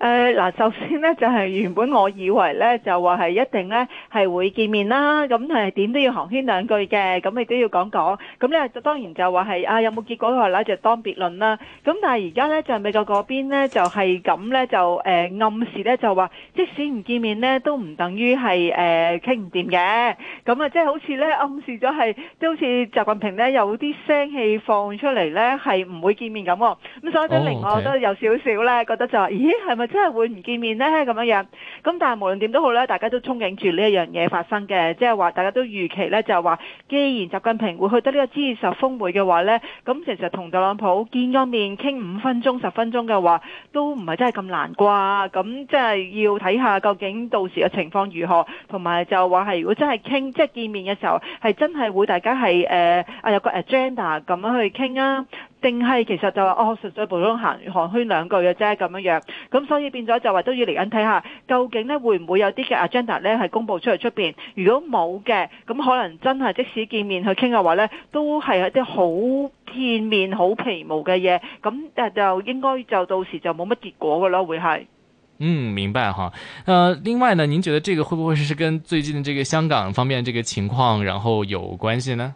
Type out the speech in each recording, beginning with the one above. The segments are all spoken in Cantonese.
誒、呃、嗱，首先呢，就係、是、原本我以為呢，就話係一定呢，係會見面啦，咁係點都要寒暄兩句嘅，咁你都要講講。咁、嗯、就當然就話係啊，有冇結果都係啦，就當別論啦。咁但係而家呢，就是、美國嗰邊呢，就係、是、咁呢，就誒、呃、暗示呢，就話即使唔見面呢，都唔等於係誒傾唔掂嘅。咁、呃、啊、嗯、即係好似呢，暗示咗係都好似習近平呢，有啲聲氣放出嚟呢，係唔會見面咁、哦。咁所以呢、oh, okay. 另外我都有少少呢，覺得就話咦係咪？是即係會唔見面係咁樣樣，咁但係無論點都好呢，大家都憧憬住呢一樣嘢發生嘅，即係話大家都預期呢，就係話，既然習近平會去得呢個 G20 峰會嘅話呢，咁其實同特朗普見嗰面傾五分鐘、十分鐘嘅話，都唔係真係咁難啩。咁即係要睇下究竟到時嘅情況如何，同埋就話係如果真係傾，即係見面嘅時候，係真係會大家係誒啊有個 agenda 咁樣去傾啊。定係其實就話哦，純粹普通行寒暄兩句嘅啫咁樣樣，咁所以變咗就話都要嚟緊睇下，究竟呢會唔會有啲嘅 agenda 咧係公佈出嚟出面？如果冇嘅，咁可能真係即使見面去傾嘅話咧，都係一啲好片面、好皮毛嘅嘢，咁誒就應該就到時就冇乜結果噶咯，會係。嗯，明白哈。呃，另外呢，您覺得這個會不會是跟最近嘅這個香港方面這個情況，然後有關係呢？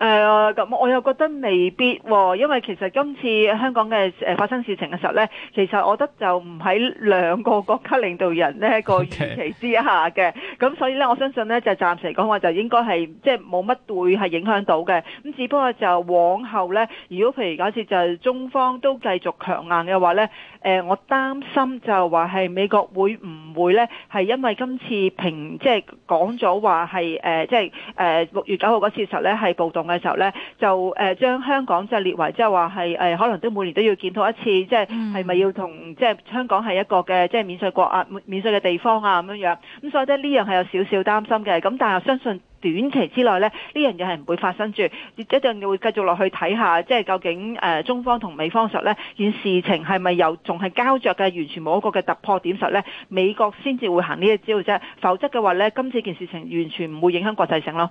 誒咁，我又覺得未必喎，因為其實今次香港嘅誒發生事情嘅時候咧，其實我覺得就唔喺兩個國家領導人呢個預期之下嘅，咁所以咧，我相信咧就暫時嚟講話就應該係即係冇乜會係影響到嘅，咁只不過就往後咧，如果譬如假設就中方都繼續強硬嘅話咧，誒我擔心就話係美國會唔？唔會咧，係因為今次平即係講咗話係誒，即係誒六月九號嗰次時候咧，係暴動嘅時候咧，就誒將香港即係列為即係話係誒，可能都每年都要見到一次，即係係咪要同即係香港係一個嘅即係免稅國啊，免免稅嘅地方啊咁樣樣。咁所以咧呢樣係有少少擔心嘅。咁但係相信。短期之內咧，呢樣嘢係唔會發生住，一定會繼續落去睇下，即係究竟中方同美方實呢件事情係咪又仲係膠着嘅，完全冇一個嘅突破點實呢，美國先至會行呢一招啫，否則嘅話呢，今次件事情完全唔會影響國際性咯。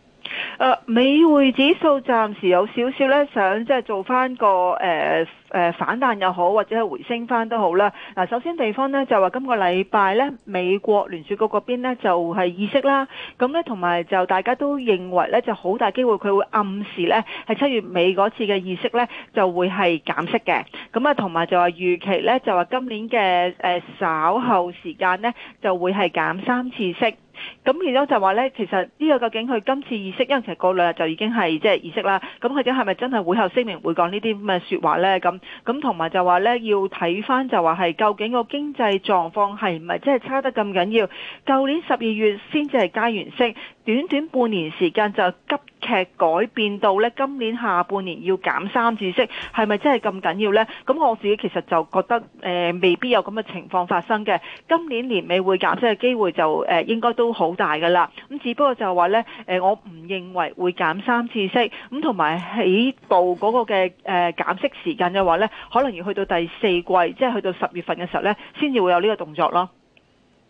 誒、uh，美匯指數暫時有少少咧，想即係做翻個誒、呃呃、反彈又好，或者係回升翻都好啦。嗱，首先地方咧就話今個禮拜咧，美國聯儲局嗰邊咧就係、是、議息啦。咁咧同埋就大家都認為咧，就好大機會佢會暗示咧喺七月尾嗰次嘅議息咧就會係減息嘅。咁啊，同埋就話預期咧就話今年嘅誒、呃、稍後時間咧就會係減三次息。咁其中就話咧，其實呢個究竟佢今次議息，因為其實過兩日就已經係即係議息啦。咁佢哋係咪真係會後聲明會講呢啲咁嘅說話咧？咁咁同埋就話咧，要睇翻就話係究竟個經濟狀況係唔係真係差得咁緊要？舊年十二月先至係加完息。短短半年時間就急劇改變到咧，今年下半年要減三次息，係咪真係咁緊要呢？咁我自己其實就覺得、呃、未必有咁嘅情況發生嘅。今年年尾會減息嘅機會就、呃、應該都好大㗎啦。咁只不過就話呢，呃、我唔認為會減三次息。咁同埋起步嗰個嘅、呃、減息時間嘅話呢，可能要去到第四季，即係去到十月份嘅時候呢，先至會有呢個動作咯。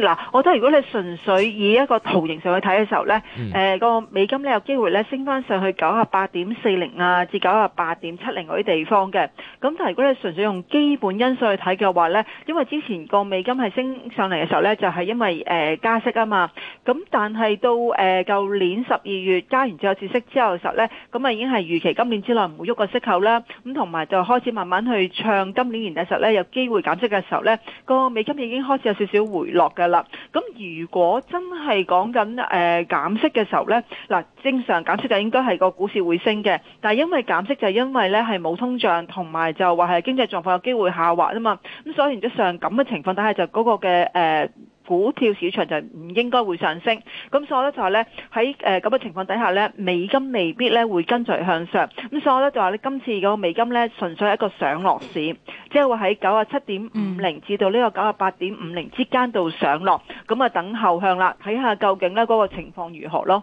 嗱，我覺得如果你純粹以一個圖形上去睇嘅時候呢，誒、呃個美金呢有機會呢升翻上去九啊八點四零啊至九啊八點七零嗰啲地方嘅。咁但係如果你純粹用基本因素去睇嘅話呢，因為之前個美金係升上嚟嘅時候呢，就係、是、因為誒、呃、加息啊嘛。咁但係到誒舊、呃、年十二月加完最後次息之後嘅時候呢，咁啊已經係預期今年之內唔會喐個息口啦。咁同埋就開始慢慢去唱今年年底時候呢，有機會減息嘅時候呢，個美金已經開始有少少回落嘅。啦，咁如果真係講緊誒減息嘅時候呢，嗱正常減息就應該係個股市會升嘅，但係因為減息就係因為呢係冇通脹，同埋就話係經濟狀況有機會下滑啊嘛，咁所以原則上咁嘅情況，但、呃、底下，就嗰個嘅誒。股票市場就唔應該會上升，咁所以我咧就話咧喺誒咁嘅情況底下咧，美金未必咧會跟隨向上，咁所以我咧就話咧今次嗰個美金咧純粹係一個上落市，即係話喺九啊七點五零至到呢個九啊八點五零之間度上落，咁啊等後向啦，睇下究竟咧嗰個情況如何咯。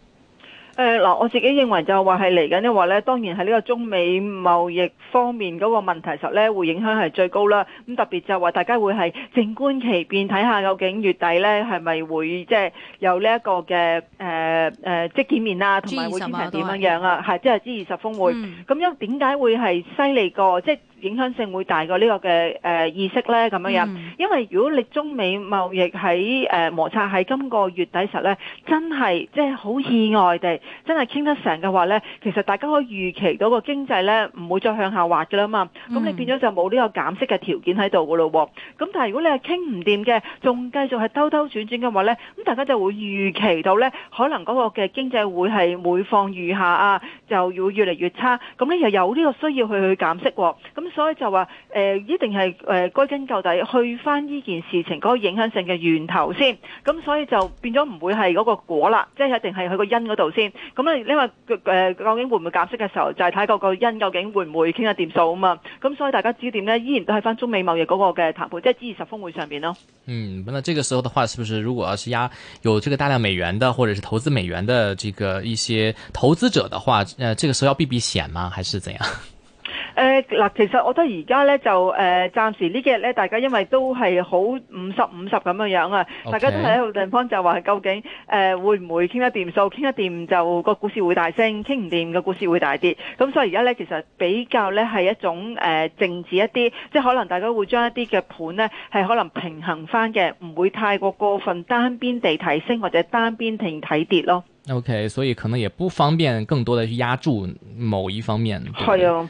誒，嗱，我自己認為就是說是來的話係嚟緊，因為咧當然係呢個中美貿易方面嗰個問題時候咧，會影響係最高啦。咁特別就話大家會係靜觀其變，睇下究竟月底咧係咪會即係有呢一個嘅誒誒即係見面啊，同埋會展成點樣樣啊？係即係 G20 峰會，咁、嗯、樣點解會係犀利過即？就是影響性會大過呢個嘅誒意識咧咁樣樣，mm-hmm. 因為如果你中美貿易喺誒摩擦喺今個月底時咧，真係即係好意外地，真係傾得成嘅話咧，其實大家可以預期到個經濟咧唔會再向下滑㗎啦嘛。咁、mm-hmm. 你變咗就冇呢個減息嘅條件喺度㗎咯喎。咁但係如果你係傾唔掂嘅，仲繼續係兜兜轉轉嘅話咧，咁大家就會預期到咧，可能嗰個嘅經濟會係每況愈下啊，就會越嚟越差。咁你又有呢個需要去去減息喎、啊。咁所以就話誒、呃，一定係誒，歸、呃、根究底去翻呢件事情嗰個影響性嘅源頭先，咁所以就變咗唔會係嗰個果啦，即係一定係去個因嗰度先。咁咧，你話誒，究竟會唔會減息嘅時候，就係睇嗰個因究竟會唔會傾下掂數啊嘛。咁所以大家知點呢，依然都係翻中美貿易嗰個嘅談判，即係 G 二十峰會上面咯。嗯，那這個時候嘅話，是不是如果要是揸有這個大量美元的，或者是投資美元的這個一些投資者的話，誒、呃，這個時候要避避險嗎？還是怎樣？誒、呃、嗱，其實我覺得而家咧就誒暫、呃、時幾呢幾日咧，大家因為都係好五十五十咁嘅樣啊，okay. 大家都喺一個地方就話究竟誒、呃、會唔會傾得掂數？傾得掂就個股市會大升，傾唔掂個股市會大跌。咁、嗯、所以而家咧其實比較咧係一種誒靜、呃、止一啲，即係可能大家會將一啲嘅盤咧係可能平衡翻嘅，唔會太過過分單邊地提升或者單邊停睇跌咯。O、okay, K，所以可能也不方便更多地去壓住某一方面。係啊。嗯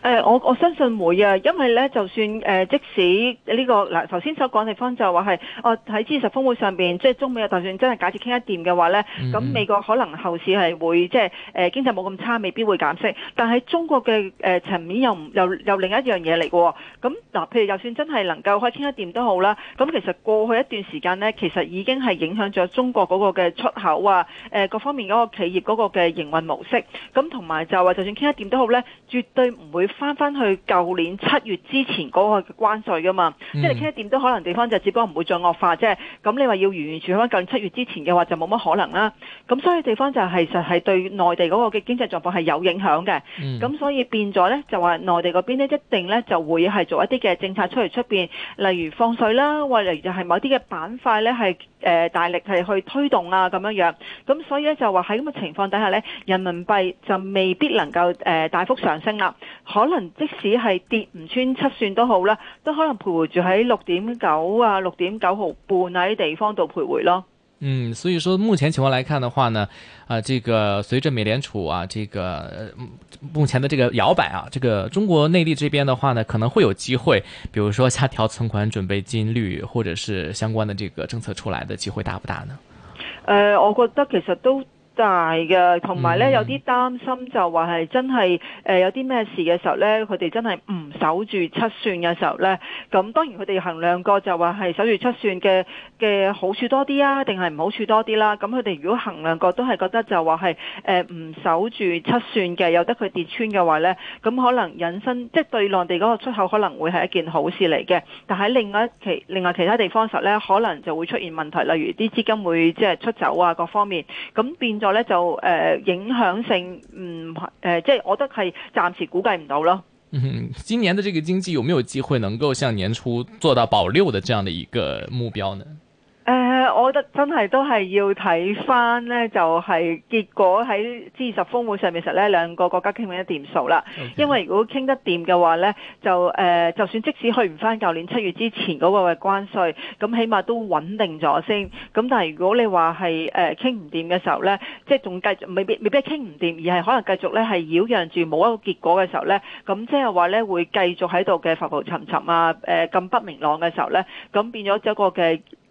誒、呃，我我相信會啊，因為咧，就算誒、呃，即使呢、這個嗱，頭、呃、先所講地方就話係，啊喺 G20 峰會上面，即係中美嘅談判，真係假設傾一掂嘅話咧，咁、嗯嗯、美國可能後市係會即係誒、呃、經濟冇咁差，未必會減息。但係中國嘅誒、呃、層面又唔又又，又，又另一樣嘢嚟嘅喎。咁嗱、呃，譬如就算真係能夠可以傾一掂都好啦，咁其實過去一段時間咧，其實已經係影響咗中國嗰個嘅出口啊，誒、呃、各方面嗰個企業嗰個嘅營運模式。咁同埋就話，就算傾一掂都好咧，絕對唔會。佢翻翻去舊年七月之前嗰個關稅噶嘛，嗯、即係傾得掂都可能地方就只不過唔會再惡化即啫。咁你話要完完全翻舊年七月之前嘅話，就冇乜可能啦。咁所以地方就係、是、實係對內地嗰個嘅經濟狀況係有影響嘅。咁、嗯、所以變咗咧，就話內地嗰邊咧一定咧就會係做一啲嘅政策出嚟出邊，例如放水啦，或者就係某啲嘅板塊咧係誒大力係去推動啊，咁樣樣。咁所以咧就話喺咁嘅情況底下咧，人民幣就未必能夠誒、呃、大幅上升啦。可能即使係跌唔穿七算都好啦，都可能徘徊住喺六點九啊、六點九毫半喺地方度徘徊咯。嗯，所以說目前情況來看的話呢，呃這個、隨着美聯儲啊，這個隨著美聯儲啊，這個目前的這個搖擺啊，這個中國內地這邊的話呢，可能會有機會，比如說下調存款準備金率，或者是相關的這個政策出來的機會大不大呢？呃，我覺得其實都。大嘅，同埋咧有啲擔心就話係真係誒、呃、有啲咩事嘅時候咧，佢哋真係唔守住七算嘅時候咧，咁當然佢哋衡量過就話係守住七算嘅嘅好處多啲啊，定係唔好處多啲啦、啊？咁佢哋如果衡量過都係覺得就話係誒唔守住七算嘅，有得佢跌穿嘅話咧，咁可能引申即係對內地嗰個出口可能會係一件好事嚟嘅，但喺另外其另外其他地方時時候咧，可能就會出現問題，例如啲資金會即係出走啊各方面，咁變。咁咧就誒影響性唔誒，即係我覺得係暫時估計唔到咯。嗯，今年的這個經濟有沒有機會能夠像年初做到保六的這樣的一個目標呢？誒、呃，我覺得真係都係要睇翻咧，就係、是、結果喺二十峰會上面時呢，其實咧兩個國家傾唔一掂數啦。Okay. 因為如果傾得掂嘅話咧，就誒、呃，就算即使去唔翻舊年七月之前嗰個關稅，咁起碼都穩定咗先。咁但係如果你話係誒傾唔掂嘅時候咧，即係仲繼續未必未必傾唔掂，而係可能繼續咧係擾攘住冇一個結果嘅時候咧，咁即係話咧會繼續喺度嘅浮浮沉沉啊，誒、呃、咁不明朗嘅時候咧，咁變咗咗個嘅。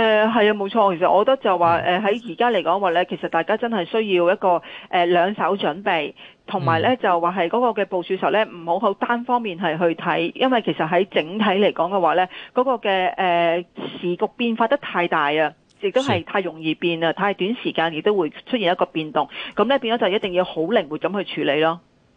誒、呃，係啊，冇錯。其實我覺得就話、呃、在現在來說話，誒喺而家嚟講話咧，其實大家真係需要一個誒兩、呃、手準備，同埋咧就話係嗰個嘅部署時候咧，唔好好單方面係去睇，因為其實喺整體嚟講嘅話咧，嗰、嗰個嘅誒、呃、時局變化得太大啊，亦都係太容易變啊，太短時間亦都會出現一個變動，咁咧變咗就一定要好靈活咁去處理咯。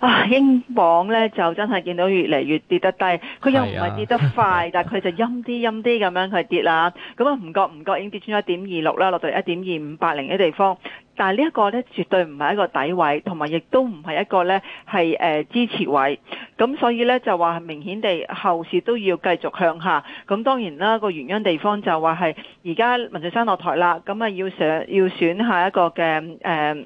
啊，英鎊咧就真係見到越嚟越跌得低，佢又唔係跌得快，啊、但佢就陰啲陰啲咁樣佢跌啦。咁啊唔覺唔覺已經跌穿一點二六啦，落到一點二五八零嘅地方。但係呢一個咧絕對唔係一個底位，同埋亦都唔係一個咧係誒支持位。咁所以咧就話明顯地後市都要繼續向下。咁當然啦，嗰個原因地方就話係而家文翠珊落台啦，咁啊要上要選下一個嘅誒。呃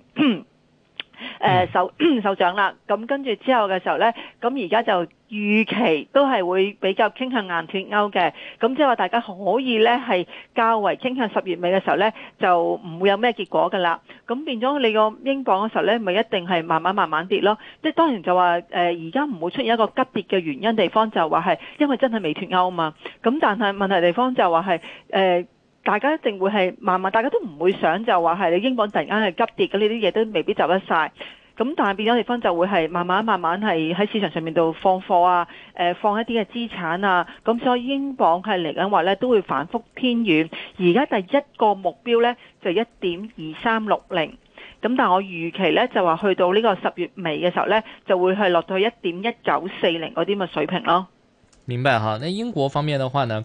誒、嗯，手手掌啦，咁跟住之後嘅時候呢，咁而家就預期都係會比較傾向硬脱歐嘅，咁即係話大家可以呢係較為傾向十月尾嘅時候呢，就唔會有咩結果噶啦，咁變咗你個英鎊嘅時候呢，咪一定係慢慢慢慢跌咯，即係當然就話誒，而家唔會出現一個急跌嘅原因地方就話係因為真係未脱歐啊嘛，咁但係問題地方就話係誒。大家一定會係慢慢，大家都唔會想就話係你英鎊突然間係急跌嘅，呢啲嘢都未必就得曬。咁但係變咗地方就會係慢慢慢慢係喺市場上面度放貨啊、呃，放一啲嘅資產啊。咁所以英鎊係嚟緊話咧都會反覆偏軟。而家第一個目標咧就係一點二三六零。咁但係我預期咧就話去到呢個十月尾嘅時候咧就會係落到去一點一九四零嗰啲咁嘅水平咯。明白哈。那英國方面嘅話呢？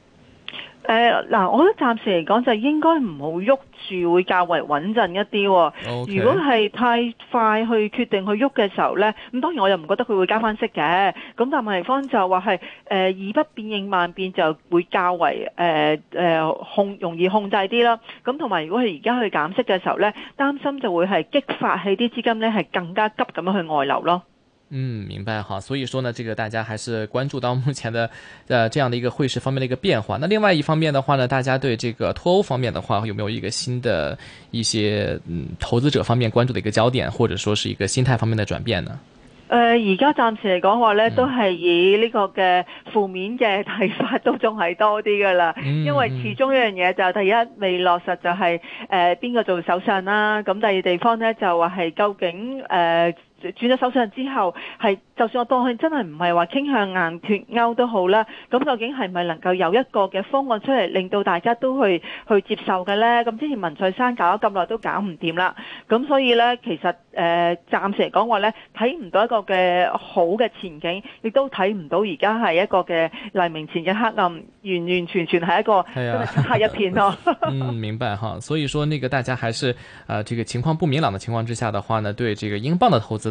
誒，嗱，我覺得暫時嚟講就應該唔好喐住，會較為穩陣一啲，哦。Okay. 如果係太快去決定去喐嘅時候咧，咁當然我又唔覺得佢會加翻息嘅。咁但係方就話係，誒、呃，以不變應萬變，就會較為誒誒、呃、控容易控制啲啦。咁同埋如果係而家去減息嘅時候咧，擔心就會係激發起啲資金咧係更加急咁樣去外流咯。嗯，明白哈，所以說呢，這個大家還是關注到目前的，呃，這樣的一個匯市方面的一個變化。那另外一方面的話呢，大家對這個脱歐方面的話，有沒有一個新的一些，嗯，投資者方面關注的一個焦點，或者說是一個心態方面的轉變呢？呃，而家暫時嚟講話呢、嗯、都係以呢個嘅負面嘅睇法都仲係多啲噶啦，因為始終一樣嘢就第一未落實就係誒邊個做首相啦，咁第二地方呢就話係究竟誒。呃轉咗手上之後，係就算我當佢真係唔係話傾向硬脱歐都好啦，咁究竟係咪能夠有一個嘅方案出嚟，令到大家都去去接受嘅呢？咁之前文翠珊搞咗咁耐都搞唔掂啦，咁所以呢，其實誒暫、呃、時嚟講話呢，睇唔到一個嘅好嘅前景，亦都睇唔到而家係一個嘅黎明前嘅黑暗，完完全全係一個真係漆黑一片咯、哦。 嗯，明白哈。所以說，呢個大家還是啊、呃，這個情況不明朗嘅情況之下的話呢，對這個英鎊嘅投資。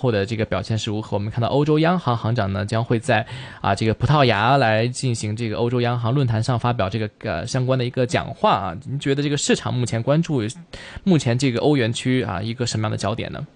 後的這個表現是如何？我們看到歐洲央行行長呢將會在啊這個葡萄牙來進行這個歐洲央行論壇上發表這個呃相關的一個講話啊。你覺得這個市場目前關注目前這個歐元區啊一個什麼樣的焦點呢？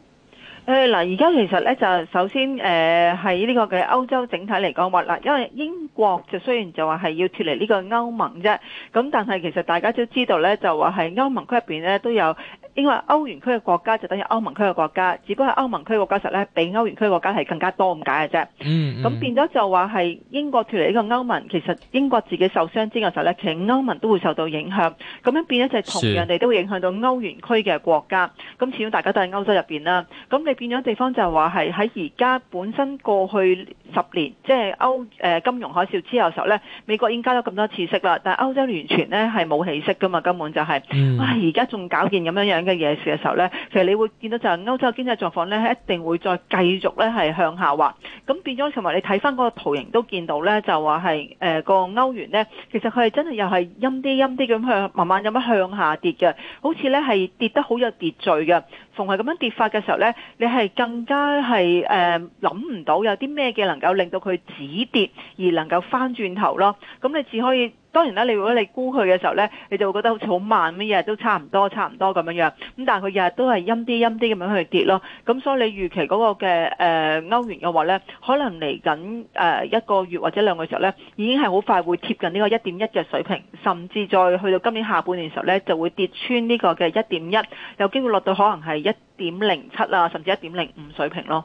誒、呃、嗱，而家其實咧就首先誒喺呢個嘅歐洲整體嚟講話嗱，因為英國就雖然就話係要脫離呢個歐盟啫，咁但係其實大家都知道咧就話係歐盟區入邊咧都有。因為歐元區嘅國家就等於歐盟區嘅國家，只不過係歐盟區嘅國家實咧比歐元區嘅國家係更加多咁解嘅啫。咁、嗯嗯、變咗就話係英國脫離呢個歐盟，其實英國自己受傷之後嘅時候咧其實歐盟都會受到影響。咁樣變咗就係同樣地都會影響到歐元區嘅國家。咁始終大家都喺歐洲入面啦。咁你變咗地方就係話係喺而家本身過去十年，即係歐誒金融海嘯之後時候咧，美國已經加咗咁多次息啦。但係歐洲完全咧係冇起息噶嘛，根本就係、係嗯。哇！而家仲搞件咁樣樣。嘅夜市嘅時候咧，其實你會見到就係歐洲經濟狀況咧，一定會再繼續咧係向下滑。咁變咗，同埋你睇翻嗰個圖形都見到咧，就話係誒個歐元咧，其實佢係真係又係陰啲陰啲咁向，慢慢咁樣向下跌嘅，好似咧係跌得好有秩序嘅。逢係咁樣跌法嘅時候咧，你係更加係誒諗唔到有啲咩嘅能夠令到佢止跌，而能夠翻轉頭咯。咁你只可以。當然啦，你如果你估佢嘅時候咧，你就會覺得好似好慢，乜日都差唔多，差唔多咁樣樣。咁但係佢日日都係陰啲陰啲咁樣去跌咯。咁所以你預期嗰個嘅誒歐元嘅話咧，可能嚟緊誒一個月或者兩個月時候咧，已經係好快會貼近呢個一點一嘅水平，甚至再去到今年下半年時候咧，就會跌穿呢個嘅一點一，有機會落到可能係一點零七啊，甚至一點零五水平咯。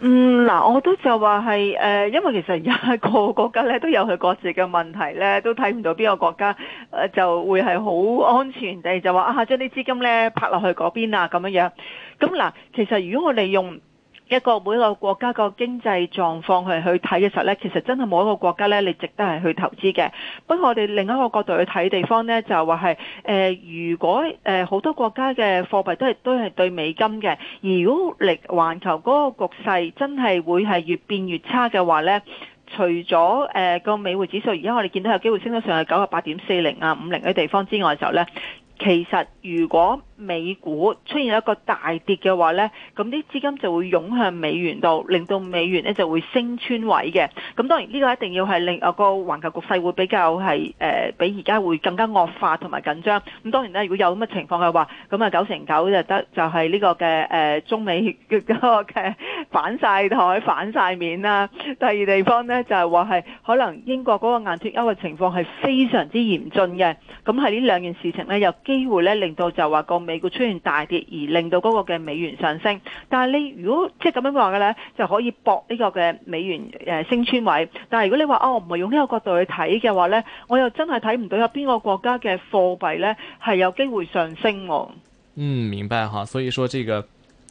嗯，嗱，我都就話係，誒，因為其實一個國家咧都有佢各自嘅問題咧，都睇唔到邊個國家誒、呃、就會係好安全地就話啊，將啲資金咧拍落去嗰邊啊，咁樣樣。咁嗱，其實如果我哋用。一個每個國家個經濟狀況去去睇嘅時候呢，其實真係冇一個國家呢，你值得係去投資嘅。不過我哋另一個角度去睇地方呢，就話係誒，如果誒好多國家嘅貨幣都係都係對美金嘅，而如果力環球嗰個局勢真係會係越變越差嘅話呢，除咗誒、呃那個美匯指數，而家我哋見到有機會升得上去九十八點四零啊五零嘅地方之外嘅時候呢，其實如果，美股出現一個大跌嘅話呢，咁啲資金就會湧向美元度，令到美元呢就會升穿位嘅。咁當然呢個一定要係令個環球局勢會比較係、呃、比而家會更加惡化同埋緊張。咁當然啦，如果有咁嘅情況嘅話，咁啊九成九就得就係呢個嘅、呃、中美嗰個嘅反曬枱反曬面啦、啊。第二地方呢就係話係可能英國嗰個硬脱歐嘅情況係非常之嚴峻嘅。咁係呢兩件事情呢，有機會呢令到就話個。美股出現大跌，而令到嗰個嘅美元上升。但係你如果即係咁樣話嘅呢，就可以搏呢個嘅美元誒、呃、升穿位。但係如果你話哦，我唔係用呢個角度去睇嘅話呢，我又真係睇唔到有邊個國家嘅貨幣呢係有機會上升喎、哦。嗯，明白哈。所以說這個。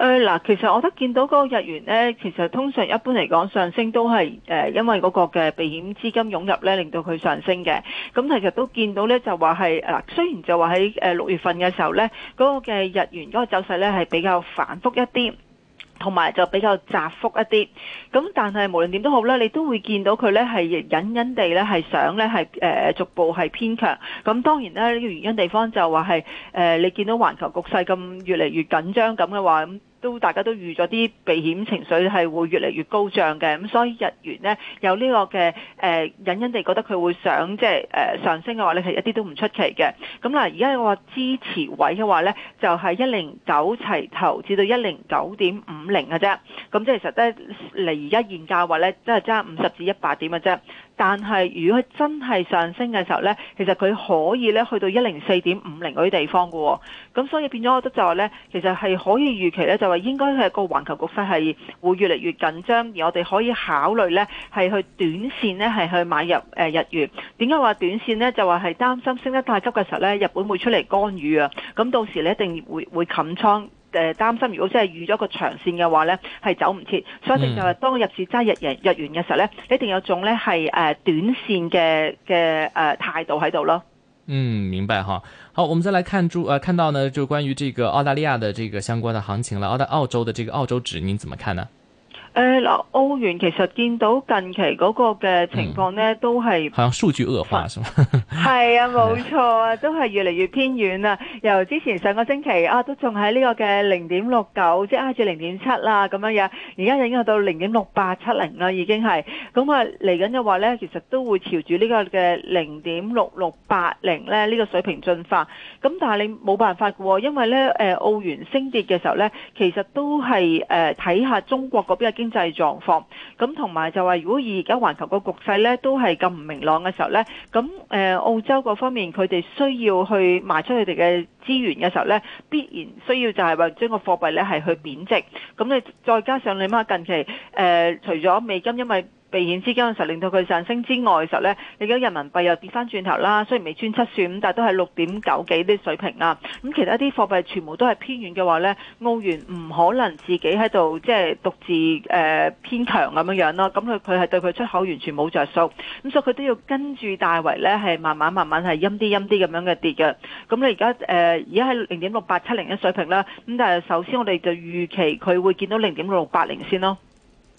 誒，嗱，其實我都見到嗰個日元呢，其實通常一般嚟講上升都係誒，因為嗰個嘅避險資金湧入呢，令到佢上升嘅。咁其實都見到呢，就話係誒，雖然就話喺誒六月份嘅時候呢，嗰個嘅日元嗰個走勢呢係比較反覆一啲，同埋就比較窄幅一啲。咁但係無論點都好咧，你都會見到佢呢係隱隱地呢係想呢係誒逐步係偏強。咁當然呢，呢個原因地方就話係誒，你見到環球局勢咁越嚟越緊張咁嘅話都大家都預咗啲避險情緒係會越嚟越高漲嘅，咁所以日元呢，有呢個嘅誒隱隱地覺得佢會上即係誒上升嘅話，呢係一啲都唔出奇嘅。咁嗱，而家我話支持位嘅話呢，就係一零九齊頭至到一零九點五零嘅啫。咁即係實質嚟而家現價位呢，即係爭五十至一百點嘅啫。但係如果真係上升嘅時候呢，其實佢可以呢去到一零四點五零嗰啲地方嘅喎、哦，咁所以變咗我覺得就係呢，其實係可以預期呢，就係應該係個環球局勢係會越嚟越緊張，而我哋可以考慮呢係去短線呢，係去買入誒日元。點解話短線呢？就話係擔心升得太急嘅時候呢，日本會出嚟干預啊，咁到時你一定會會冚倉。誒、呃，擔心如果真係預咗個長線嘅話咧，係走唔切，所以就係當入市揸日日日元嘅時候咧、嗯，一定有種咧係誒短線嘅嘅誒態度喺度咯。嗯，明白哈。好，我們再來看住、呃、看到呢就關於這個澳大利亞的這個相關的行情啦。澳大澳洲的這個澳洲紙，您怎麼看呢？誒、呃，嗱，澳元其實見到近期嗰個嘅情況呢，嗯、都係，好數據惡化，係 啊，冇錯啊， 都係越嚟越偏遠啊。由之前上個星期啊，都仲喺呢個嘅零點六九，即係挨住零點七啦咁樣樣，而家已經去到零點六八七零啦，已經係。咁啊，嚟緊嘅話呢，其實都會朝住呢個嘅零點六六八零呢個水平進化。咁但係你冇辦法喎，因為呢，誒、呃，澳元升跌嘅時候呢，其實都係誒睇下中國嗰邊嘅。經濟狀況，咁同埋就話，如果而家環球個局勢咧都係咁唔明朗嘅時候咧，咁誒澳洲嗰方面，佢哋需要去賣出佢哋嘅資源嘅時候咧，必然需要就係話將個貨幣咧係去貶值，咁你再加上你睇近期誒、呃，除咗美金，因為避險資金嘅時候，令到佢上升之外嘅時候咧，而家人民幣又跌翻轉頭啦。雖然未穿七算，咁但係都係六點九幾啲水平啦。咁、嗯、其他啲貨幣全部都係偏遠嘅話咧，澳元唔可能自己喺度即係獨自、呃、偏強咁樣樣咯。咁佢佢係對佢出口完全冇著數，咁、嗯、所以佢都要跟住大圍咧係慢慢慢慢係陰啲陰啲咁樣嘅跌嘅。咁你而家而家係零點六八七零嘅水平啦。咁、嗯、但係首先我哋就預期佢會見到零點六八零先咯。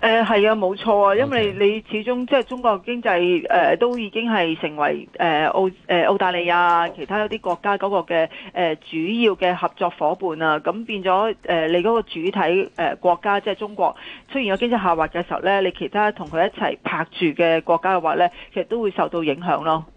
誒係啊，冇錯啊，因為你，你始終即係、就是、中國經濟誒、呃、都已經係成為誒、呃、澳誒、呃、澳大利亞其他一啲國家嗰個嘅誒、呃、主要嘅合作伙伴啊。咁變咗誒、呃、你嗰個主體誒、呃、國家即係、就是、中國出現咗經濟下滑嘅時候咧，你其他同佢一齊拍住嘅國家嘅話咧，其實都會受到影響咯。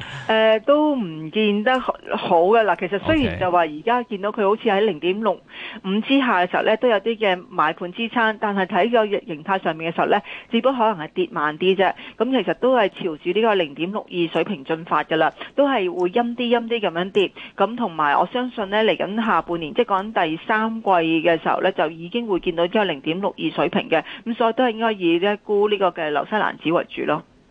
誒、呃，都唔見得好嘅喇。其實雖然就話而家見到佢好似喺零點六五之下嘅時候咧，都有啲嘅買盤支撐，但係睇個形態上面嘅時候咧，只不過可能係跌慢啲啫。咁其實都係朝住呢個零點六二水平進發噶啦，都係會陰啲陰啲咁樣跌。咁同埋，我相信咧嚟緊下半年，即係講第三季嘅時候咧，就已經會見到呢個零點六二水平嘅。咁所以都係應該以咧沽呢個嘅紐西蘭紙為主咯。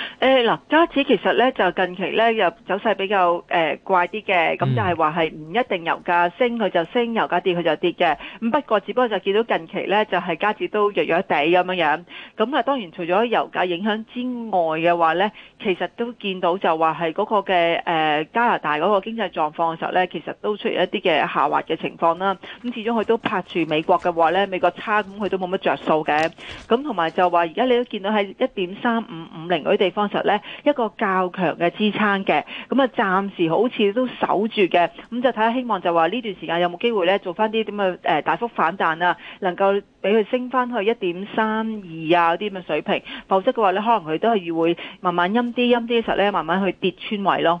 誒、哎、嗱，加紙其實咧就近期咧又走勢比較、呃、怪啲嘅，咁就係話係唔一定油價升佢就升，油價跌佢就跌嘅。咁不過只不過就見到近期咧就係、是、加紙都弱弱地咁樣樣。咁啊當然除咗油價影響之外嘅話咧，其實都見到就話係嗰個嘅誒、呃、加拿大嗰個經濟狀況嘅時候咧，其實都出現一啲嘅下滑嘅情況啦。咁始終佢都拍住美國嘅話咧，美國差咁佢都冇乜著數嘅。咁同埋就話而家你都見到喺一點三五五零佢哋。方實咧一個較強嘅支撐嘅，咁啊暫時好似都守住嘅，咁就睇下希望就話呢段時間有冇機會咧做翻啲點樣大幅反彈啊，能夠俾佢升翻去一點三二啊啲咁嘅水平，否則嘅話咧可能佢都係會慢慢陰啲陰啲嘅時候咧，慢慢去跌穿位咯。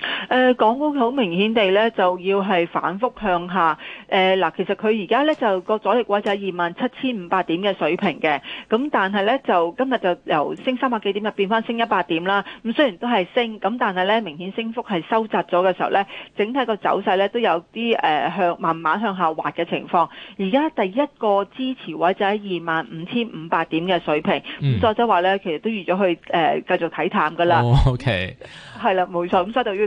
誒、呃，港股好明顯地咧就要係反覆向下。誒，嗱，其實佢而家咧就個阻力位就喺二萬七千五百點嘅水平嘅。咁但係咧就今日就由升三百幾點就變翻升一百點啦。咁雖然都係升，咁但係咧明顯升幅係收窄咗嘅時候咧，整體個走勢咧都有啲誒、呃、向慢慢向下滑嘅情況。而家第一個支持位就喺二萬五千五百點嘅水平。咁所以即係話咧，其實都預咗去誒繼、呃、續睇淡噶啦。O、oh, K、okay.。係啦，冇錯。咁所以